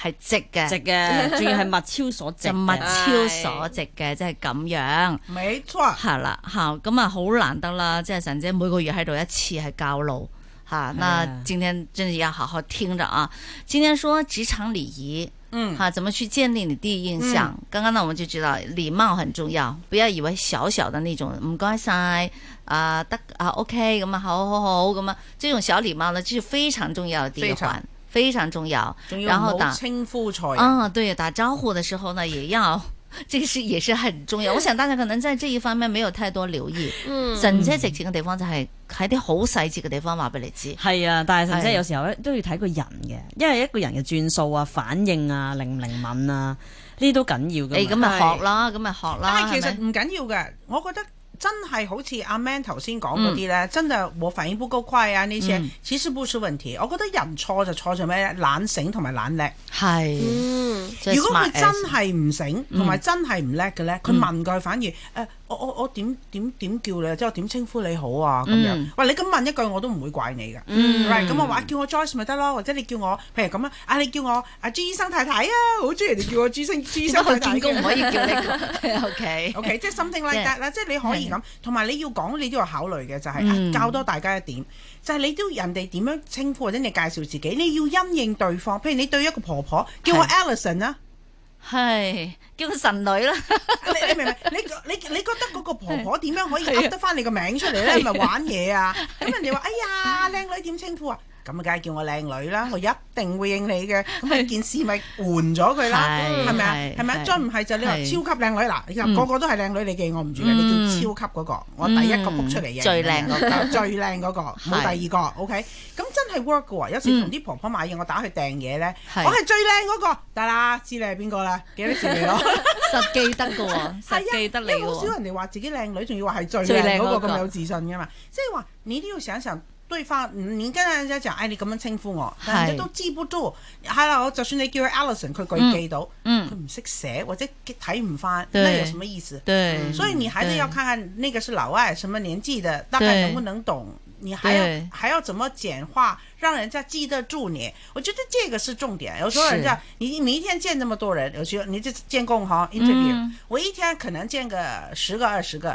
係值嘅，值嘅，仲要係物超所值，物超所值嘅，即係咁樣。沒錯。係啦，吓，咁啊好難得啦，即係神姐每個月喺度一次係教路，吓、嗯啊，嗱今天真係要好好聽着啊！今天說職場禮儀，嗯，吓、啊，怎麼去建立你第一印象、嗯？剛剛呢，我們就知道禮貌很重要，不要以為小小的那種，唔該晒，啊，得，啊，OK，咁啊，好好好，咁啊，這種小禮貌呢，就是非常重要嘅第一環。非常重要，要然後打稱呼菜啊，對，打招呼的時候呢，也要，這是也是很重要。 我想大家可能在這一方面沒有太多留意。 嗯、神車直情嘅地方就係喺啲好細節嘅地方話俾你知。係啊，但係神車有時候咧都要睇個人嘅，因為一個人嘅轉數啊、反應啊、靈唔靈敏啊，呢都緊要嘅。誒、哎，咁咪學啦，咁咪學啦。但係其實唔緊要嘅，我覺得。真係好似阿、啊、Man 頭先講嗰啲咧，真係我反應唔夠快啊！呢啲，嗯、其實唔出問題，我覺得人錯就錯在咩咧？懶醒同埋懶叻。係。嗯。如果佢真係唔醒，同、嗯、埋真係唔叻嘅咧，佢問佢反而、嗯呃我我我點點點叫你，即係我點稱呼你好啊咁樣、嗯。喂，你咁問一句我都唔會怪你噶。唔、嗯、咁、right? 我話叫我 Joyce 咪得咯，或者你叫我譬如咁樣啊，你叫我啊朱醫生太太啊，好中意人哋叫我朱醫生太。太，見唔可以叫你。O K O K，即係 something like that 啦，即係你可以咁。同、yeah, 埋你要講，你都要考慮嘅就係、是 yeah, uh, 教多大家一點，就係、是、你都要人哋點樣稱呼或者你介紹自己，你要因應對方。譬如你對一個婆婆叫我 Alison 啊。係叫神女啦！ 你明唔明？你你你你覺得嗰個婆婆點樣可以得翻你個名出嚟咧？係咪玩嘢啊！咁、啊啊啊、人哋話、啊、哎呀，靚女點稱呼啊？咁梗係叫我靚女啦，我一定會應你嘅。咁啊件事咪換咗佢啦，係咪啊？係咪啊？再唔係就你話超級靚女嗱，個個都係靚女，你記我唔住嘅，你叫超級嗰個，我第一個 book 出嚟嘅，最靚嗰個，最靚嗰個冇第二個。OK，咁真係 work 嘅喎。有時同啲婆婆買嘢，我打去訂嘢咧，我係最靚嗰個，得啦，知你係邊個啦？幾多錢你攞？實記得嘅喎，實記得你，好少人哋話自己靚女，仲要話係最靚嗰個咁有自信嘅嘛？即係話你都要想一層。對方，你跟人家講，哎，你咁樣稱呼我，但人家都記不住。係啦，我就算你叫佢 Alison，佢記唔記到？嗯，佢唔識寫或者睇唔翻，那有什麼意思？對、嗯、所以你還是要看看那個是老外，什麼年紀的，大概能不能懂？你還要還要怎麼簡化，讓人家記得住你？我覺得這個是重點。有時候人家你一天見這麼多人，有時候你就見工行 interview，、嗯、我一天可能見個十個二十個。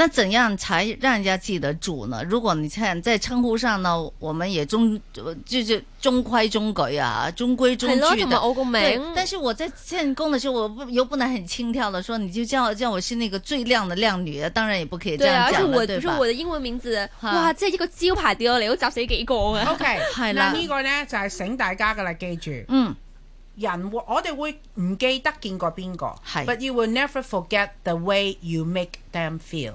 那怎樣才讓人家記得住呢？如果你看在稱呼上呢，我們也中，就是中規中、啊、中，中矩啊，中規中矩的。對，但是我在建功的時候，我又不能很輕佻的說，你就叫叫我是那個最靚的靚女，當然也不可以這樣講。對啊，而且我唔知我的英文名字，啊、哇，即係一個招牌掉你，都砸死幾個嘅、啊。OK，係 啦，呢個呢就係、是、醒大家噶啦，記住。嗯，人我我哋會唔記得見過邊個？係，But you will never forget the way you make them feel。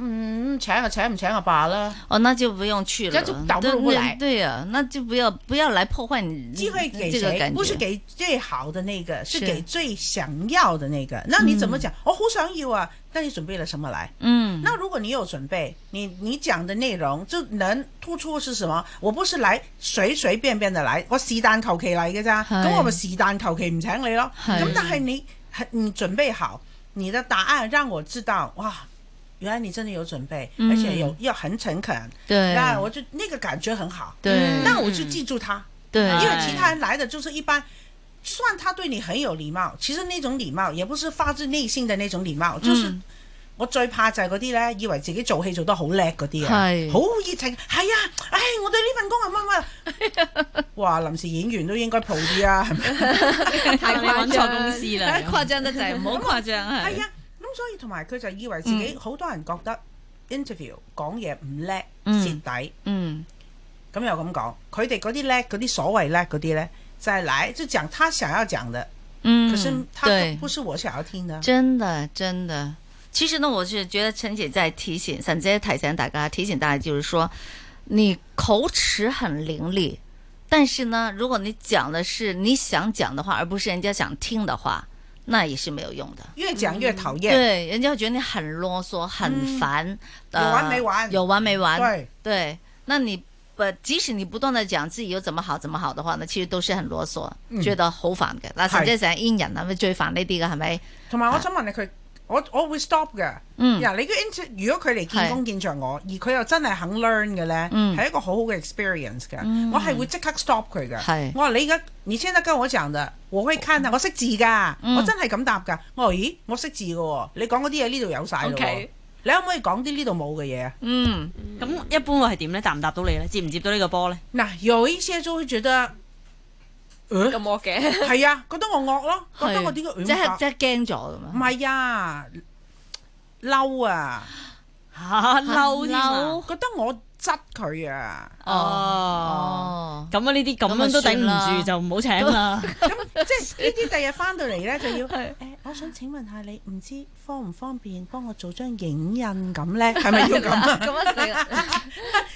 嗯，請啊請唔請阿爸啦。哦，那就不用去了。就倒不不對，對，對啊，那就不要不要來破壞你機會給誰、這個？不是給最好的那個，是給最想要的那個。那你怎麼講？嗯、我好想要啊！那你準備了什麼來？嗯，那如果你有準備，你你講的內容就能突出是什麼？我不是來隨隨便便的來，我西單口 K 來這咋？跟我們西單口 K 唔請你咯。咁但係你你準備好你的答案，讓我知道哇！原來你真的有準備，而且有要很誠懇，嗱、嗯，對，但我就那個感覺很好，對、嗯、那我就記住他，對、嗯、因為其他人來的就是一般，算他對你很有禮貌，其實那種禮貌也不是發自內心的那種禮貌，就是我最怕就係嗰啲咧，以為自己做戲做得好叻嗰啲啊，好熱情，係啊，哎我對呢份工啊乜乜，哇，臨時演員都應該抱啲啊， 係咪太誇 張，誇張得濟，唔好誇張啊。所以同埋佢就以為自己好多人覺得 interview 講嘢唔叻，蝕底，嗯。嗯，咁又咁講，佢哋嗰啲叻，嗰啲所謂叻，嗰啲咧，就係嚟就講他想要講的。嗯，可是佢都不是我想要聽的。真的，真的。其實呢，我是覺得陳姐在提醒，陳姐提醒大家，提醒大家就是說，你口齒很伶俐，但是呢，如果你講的是你想講的話，而不是人家想聽的話。那也是沒有用的，越講越討厭，嗯。對，人家覺得你很囉嗦，很煩。嗯呃、有完沒完？有完沒完？對，對那你不即使你不斷的講自己又怎麼好怎麼好的話，呢其實都是很囉嗦，嗯、覺得好煩嘅。那實際上陰人啦，最煩呢啲嘅係咪？同埋我想問你佢。啊我我會 stop 嘅，嗱、嗯嗯嗯，你如果 inter，如果佢嚟見工見著我，而佢又真係肯 learn 嘅咧，係一個好好嘅 experience 嘅，我係會即刻 stop 佢嘅。我話你而家你聽得跟我一陣我可以 count 我識字㗎、嗯，我真係咁答㗎。我話咦，我識字㗎喎，你講嗰啲嘢呢度有晒，喎、okay.，你可唔可以講啲呢度冇嘅嘢啊？嗯，咁一般我係點咧？答唔答到你咧？接唔接到個呢個波咧？嗱、啊，有一些都會覺得。咁惡嘅，係啊，覺得我惡咯，覺得我點解會咁樣，即係即係驚咗咁啊？唔係啊，嬲啊，嚇嬲啲啊，覺得我窒佢啊，哦，咁啊呢啲咁樣都頂唔住，就唔好請啦。咁即係呢啲第日翻到嚟咧，就要誒，我想請問下你，唔知方唔方便幫我做張影印咁咧？係咪要咁啊？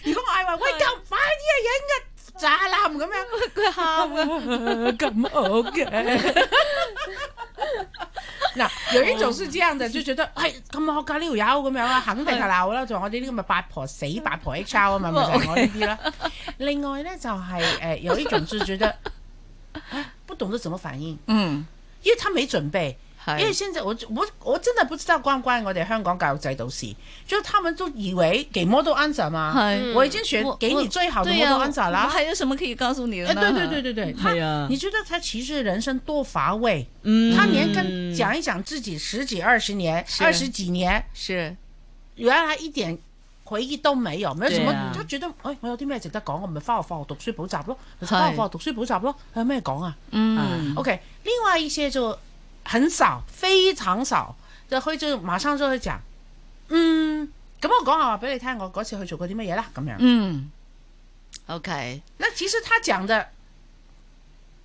如果我嗌話，喂，咁快啲啊，影印！炸喊咁樣，佢喊啊，咁好嘅。嗱、 就是 就是呃，有一種是這樣的，就覺得係咁惡噶呢條友咁樣啊，肯定係鬧啦。就我哋呢個咪八婆死八婆 H R 啊，咪就係我呢啲啦。另外咧就係誒，有一種就覺得不懂得怎麼反應，嗯，因為他沒準備。因為現在我我我真的不知道關唔關我哋香港教育制度事，就他們都以為給 model answer 嘛， 我已經選給你最好的 model answer 啦，啊、還有什麼可以告訴你的呢？誒、欸，對對對對對，對、啊他，你覺得他其實人生多乏味，嗯、啊，他連跟、嗯、講一講自己十幾二十年、二十幾年，是原來一點回憶都沒有，沒有什麼就、啊、覺得，哎，我有啲咩值得講，我們返學放學讀書補習咯，返學放學讀書補習咯，有咩講啊？嗯，OK，另外一些就。很少，非常少，就可以即馬上就去講。嗯，咁我講下話俾你聽，我嗰次去做過啲乜嘢啦，咁樣。嗯，OK、嗯嗯嗯。那其實他講的。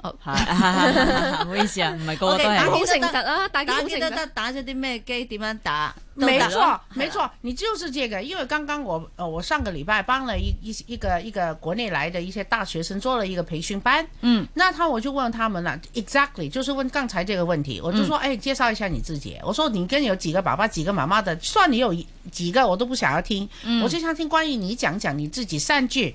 哦，唔好意思啊，唔係個個都係。打機好誠實啊，打機好誠實。打咗啲咩機？點樣打,打？沒錯，沒錯，你就是這個。因為剛剛我，我上個禮拜幫了一一一個一個國內來的一些大學生做了一個培訓班。嗯。那他我就問他們啦，exactly 就是問剛才這個問題。我就說，誒、嗯哎，介紹一下你自己。我說你跟你有幾個爸爸、幾個媽媽的，算你有幾個，我都不想要聽、嗯。我就想聽關於你講講你自己善舉。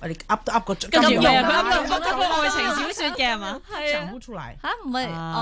啊、你哋噏都噏個嘴，金庸佢諗到出個愛情小說嘅係嘛？啊、是不出唔出嚟？吓？唔係、啊、哦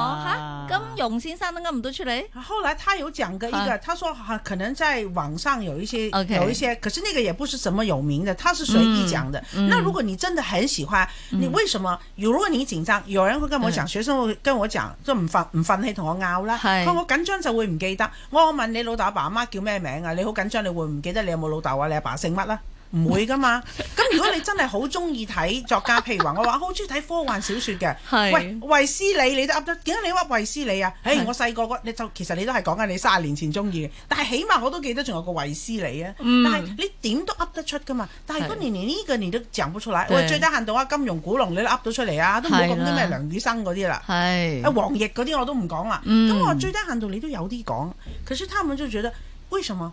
吓？金庸先生都噏唔到出嚟。啊、後來他有講過一個，啊、他說可能在網上有一些，啊、有一些，可是那個也不是怎麼有名嘅，他是隨意講的。講的。嗯、那如果你真的很喜歡，嗯、你為什麼？如果你緊張，嗯、有人會跟我講，學生會跟我講，就唔忿唔忿氣同我拗啦。佢我緊張就會唔記得。我問你老豆阿爸阿媽叫咩名啊？你好緊張，你會唔記得你有冇老豆啊？你阿爸姓乜啦？唔會噶嘛？咁 如果你真係好中意睇作家， 譬如話我話好中意睇科幻小説嘅，喂，衛斯理你都噏得點解你噏衛斯理啊？誒、欸，我細個你就其實你都係講緊你三十年前中意嘅，但係起碼我都記得仲有個衛斯理啊。嗯、但係你點都噏得出噶嘛？但係今年連呢個年都噏唔出嚟。喂，最低限度啊，金融古龍你都噏到出嚟啊，都冇咁講啲咩梁羽生嗰啲啦。係啊，黃易嗰啲我都唔講啦。咁、嗯、我最低限度你都有啲講。其實他們就覺得為什麼？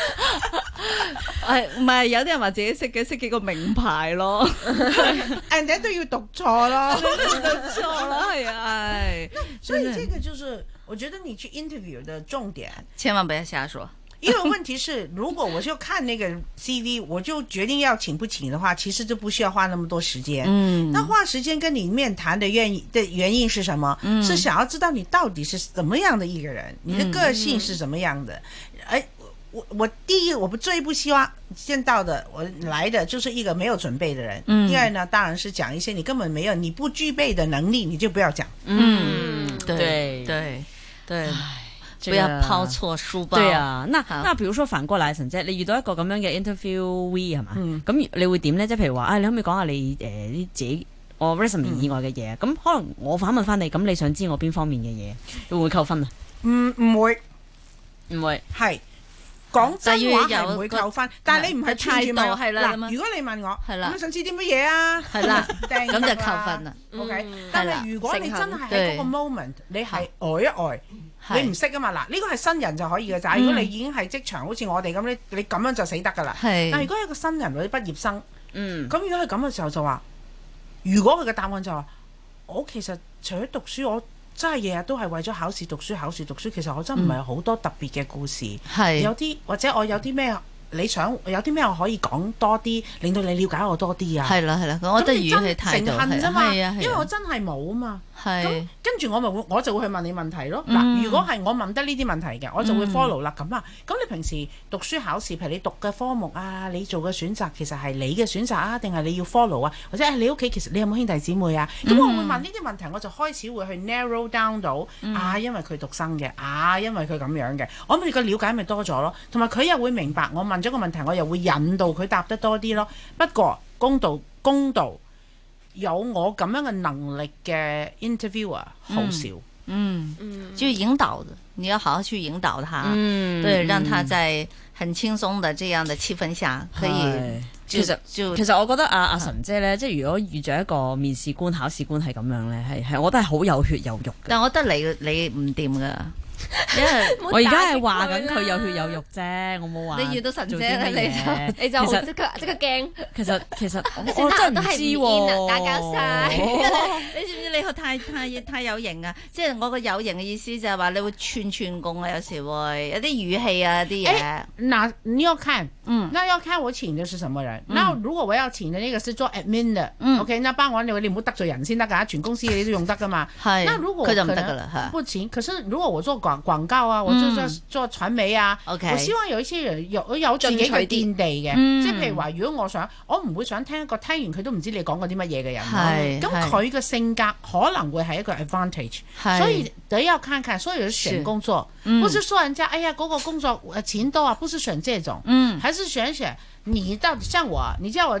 哎唔係有啲人話自己識嘅，識幾個名牌咯人 n 都要讀錯咯，讀 錯，係啊，所以這個就是，我覺得你去 interview 的重點，千萬不要瞎說， 因為問題是，如果我就看那個 CV，我就決定要請不請的話，其實就不需要花那麼多時間。嗯，那花時間跟你面談的願意的原因是什麼、嗯？是想要知道你到底是怎麼樣的一個人，嗯、你的個性是怎麼樣的，嗯哎我我第一，我最不希望見到的，我來的就是一個沒有準備的人。第、嗯、二呢，當然是講一些你根本沒有、你不具備的能力，你就不要講、嗯。嗯，對對對、這個，不要拋錯書包。對啊，那那，那比如說反過來，神姐，你遇到一個咁樣嘅 interview，we 係嘛？咁、嗯、你會點呢？即係譬如話，唉、啊，你可唔可以講下你誒、呃、自己我 resume、嗯、以外嘅嘢？咁可能我反問翻你，咁你想知我邊方面嘅嘢，會唔會扣分啊？唔、嗯、唔會，唔會係。講真話係唔會扣分，但係、那個、你唔係專業問，如果你問我，你想知啲乜嘢啊？係啦，咁、 啊、就扣分啦。O、okay? K，、嗯、但係如果你真係喺嗰個 moment，你係呆一呆，你唔識啊嘛？嗱，呢個係新人就可以嘅咋，如果你已經係職場，好似我哋咁咧，你咁樣，、嗯、樣，樣就死得噶啦。但係如果係一個新人或者畢業生，嗯，咁如果係咁嘅時候就話，如果佢嘅答案就話，我其實除咗讀書我，真係日日都係為咗考試讀書考試讀書，其實我真唔係好多特別嘅故事。嗯、有啲或者我有啲咩你想有啲咩我可以講多啲，令到你了解我多啲啊？係啦係啦，我覺得以真誠態度，因為我真係冇啊嘛。跟住我咪會，我就會去問你問題咯。嗱、嗯，如果係我問得呢啲問題嘅，我就會 follow 啦咁啊。咁、嗯、你平時讀書考試，譬如你讀嘅科目啊，你做嘅選擇，其實係你嘅選擇啊，定係你要 follow 啊？或者你屋企其實你有冇兄弟姊妹啊？咁、嗯、我會問呢啲問題，我就開始會去 narrow down 到啊，因為佢獨生嘅，啊，因為佢咁、啊、樣嘅，我諗佢個了解咪多咗咯。同埋佢又會明白我問咗個問題，我又會引導佢答得多啲咯。不過公道公道。有我咁樣嘅能力嘅 interviewer 好少。嗯，嗯，就引導，你要好好去引導他，嗯，對，讓他在很輕鬆的這樣的氣氛下、嗯、可以，其實就其實我覺得阿阿神姐咧，即、嗯、係如果遇着一個面試官、嗯、考試官係咁樣咧，係係，我覺得係好有血有肉嘅，但我覺得你你唔掂噶。因為我而家係話緊佢有血有肉啫，我冇話你遇到神姐你你就即刻即刻驚。其實其實好多人都係打交晒。哦知哦、你知唔知你學太太太有型啊？即係我個有型嘅意思就係話你會串串共啊，有時會有啲語氣啊啲嘢。那你要看，嗯，那要看我請的是什麼人。那如果我要請嘅呢個是做 admin 的，OK 那幫我你唔好得罪人先得噶，全公司你都用得噶嘛。係。那如果佢就唔得噶啦。不請。可是如果我做廣告啊，或者做傳媒啊，okay, 我希望有一些人有,有有自己嘅見地嘅、嗯，即係譬如話，如果我想，我唔會想聽一個聽完佢都唔知你講過啲乜嘢嘅人，咁佢嘅性格可能會係一個 advantage，所以比較 critical 所以選工作，不是說人家哎呀，嗰、那個工作錢多啊，不是選這種，嗯、還是選選你到底像我，你知道我？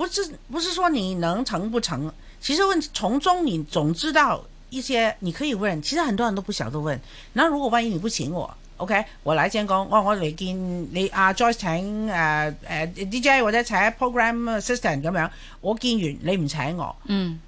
不是不是說你能成不成，其實問從中你總知道一些，你可以問。其實很多人都不曉得問。那如果萬一你不請我，OK，我大聲講哦，我嚟見你啊，Joyce 請誒誒、呃呃、DJ 或者請 program assistant 咁樣，我見完你唔請我，嗯。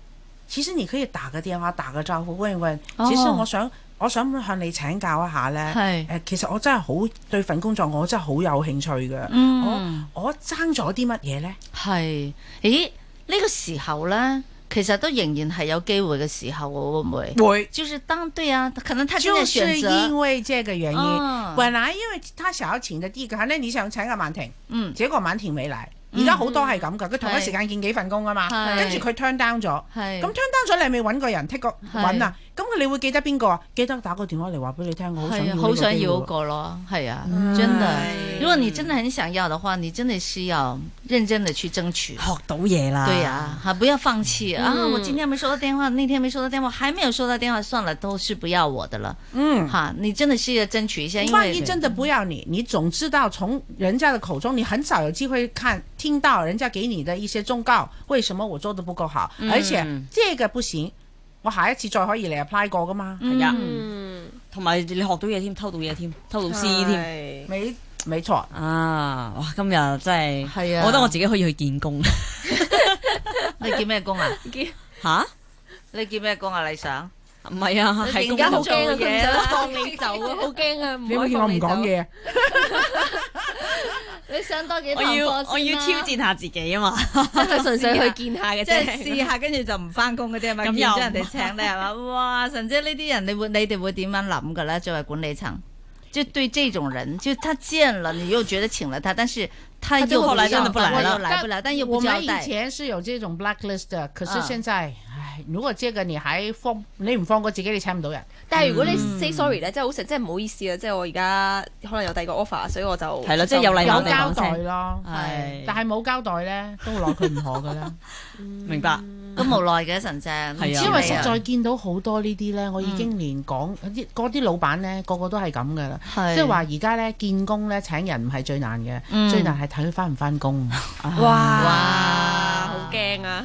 其實你可以打個電話，打個招呼，問一問。其實我想。Oh. 我想向你請教一下咧，其實我真係好對份工作，我真係好有興趣嘅、嗯。我我爭咗啲乜嘢咧？係，咦？呢、這個時候咧，其實都仍然係有機會嘅時候，會唔會？會。就是當對啊，可能他今日選擇，就是、因為即係嘅原因、哦，原來因為他想有錢嘅啲，可、啊、能、啊、你想請阿曼婷，嗯，沒來嗯這個曼婷未嚟，而家好多係咁嘅，佢同一時間見幾份工啊嘛，是跟住佢 turn down 咗，係，咁所以你未揾過人剔過揾啊？咁你會記得邊個啊？記得打個電話嚟話俾你聽，我好想要嗰個,個咯。係、嗯、啊，真的。如果你真的很想要的話，你真的需要認真的去爭取，學到嘢啦。對啊，不要放棄、嗯、啊！我今天沒收到電話，那天沒收到電話，還沒有收到電話，算了，都是不要我的了。嗯，哈，你真的是要爭取一下。萬一真的不要你，你總知道從人家的口中，你很少有機會看聽到人家給你的一些忠告，為什麼我做得不夠好、嗯？而且這個。我下一次再可以嚟 apply 過噶嘛？係、嗯、啊，同埋你學到嘢添，偷到嘢添，偷到詩添，未？沒錯啊，哇！今日真係、啊，我覺得我自己可以去見工！你見咩工啊？見吓？你見咩工啊？你，啊啊你啊想？唔係啊，係人家好驚啊，佢想放你走啊，好驚啊，唔 可以放你走你不我不。 你想多幾多、啊、我要我要挑戰下自己啊嘛，純 粹去見下嘅啫，即係試下，跟住就唔翻工啲啫咪？咁 人哋請你係嘛？ 哇！陳姐呢啲人，你，你會你哋會點樣諗噶咧？作為管理層，就對這種人，就他見了你又覺得請了他，但是他又不他就後來真的不來了但又來不來，但，又但我們以前是有這種 blacklist，的可是現在。嗯如果即係近年喺放，你唔放過自己，你請唔到人。但係如果你 say sorry 咧、嗯，即係好成，即係唔好意思啊！即係我而家可能有第二個 offer，所以我就係啦，即係有嚟冇交代咯。係，但係冇交代咧，都奈佢唔何噶啦。明白，咁、嗯、無奈嘅神正、啊。因為實在見到好多呢啲咧，我已經連講啲嗰啲老闆咧，個個都係咁噶啦。即係話而家咧，見工咧，請人唔係最難嘅、嗯，最難係睇佢返唔返工。哇！好驚啊！